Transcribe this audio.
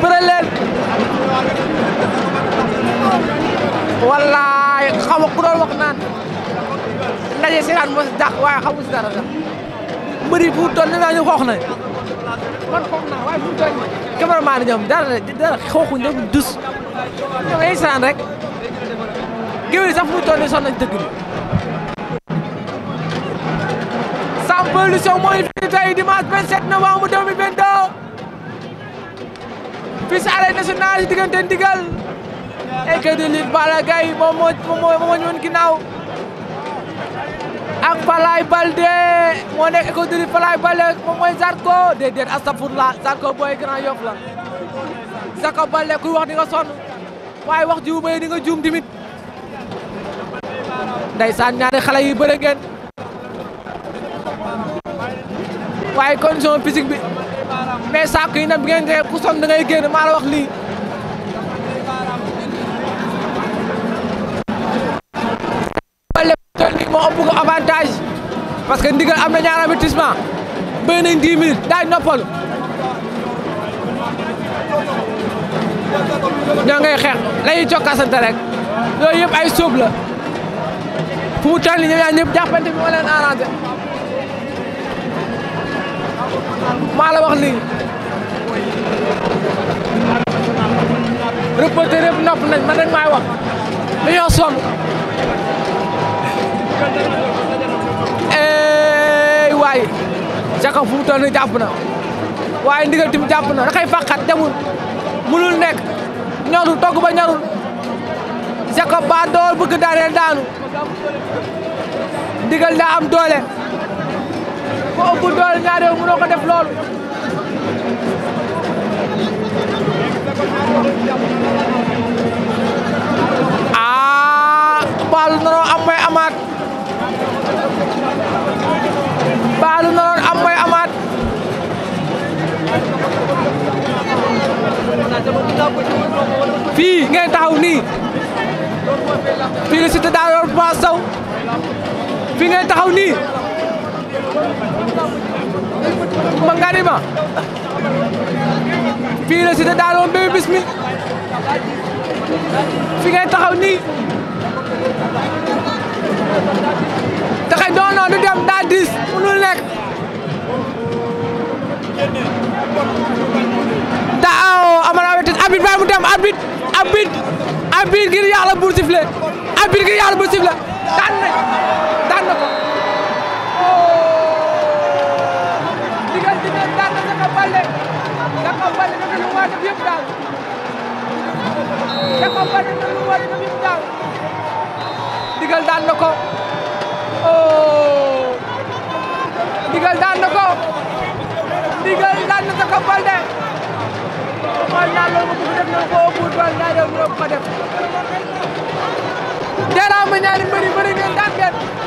bëre leen wallaay xaw doon wax naan ndaje si daan moo waaye xamu si dara sax mbëri fu toll ni naa ñu xoox nañ man xoox naa waaye ñoom dara dara xooxuñ dus ñoom ay saan rek géwél sax fu toll ni son nañ dëgg bi sans pollution mooy fi tey dimanche 27 novembre 2022 fii si arène nationale si diggante ndigal écurie de lutte Balla Gaye moom moo moo ñu ak Falaye Baldé moo nekk écurie de lutte Falaye Baldé moom mooy Zarko déedéet astafurlah Zarko booy Grand Yoff la Zarko Baldé kuy wax di nga sonn waaye wax ji bu di nga juum tamit ndeysaan ñaari xale yi bëre ngeen waaye condition physique bi. mais saako yi nag bi ngeen jeexee ku sonn da ngay génn maa la wax lii. moo ëpp avantage parce que ndigal am na ñaar avertissement béy nañ 10 minutes daaj noppal ñoo ngay xeex lañuy jokkasante rek yooyu yëpp ay sóob la fu mu toll nii ñaar ñëpp jàppante bi moo leen arrangé maa la wax lii reporter yëpp nopp nañ man rek maay wax dañoo sonn eey waaye jaka fu mu toll nii jàpp na waaye ndigal tim jàpp na da koy fàqat demul munul nekk ñorul togg ba ñorul Jacob ba dool bëgg daaneel daanu ndigal daa am doole ku ëpp doole ñaari yow mënoo ko def loolu. Ah, baalu naroon am amaat baalu naroon am amaat. fii ngeen taxaw nii fii la Siteu daa yor Papa fii ngeen taxaw nii. Mangarima fii la Siteu daanoon Bébé Bismi fi ngay taxaw nii taxay non non dem daa diis mënul nekk da amana wetu abit baa mu dem abit abit abit ngir yàlla buur sifle abit ngir yàlla buur sifle daan na Baldé Jacob Baldé def na lu mu war a def yëpp daaw Jacob Baldé def na lu mu war a def yëpp daaw digal daan na ko oh digal daan na ko digal daan na Jacob Baldé xool naa loolu bu def na ko buur bal naa def ko def. Jaraama ñaari mbëri mbëri ngeen daan ngeen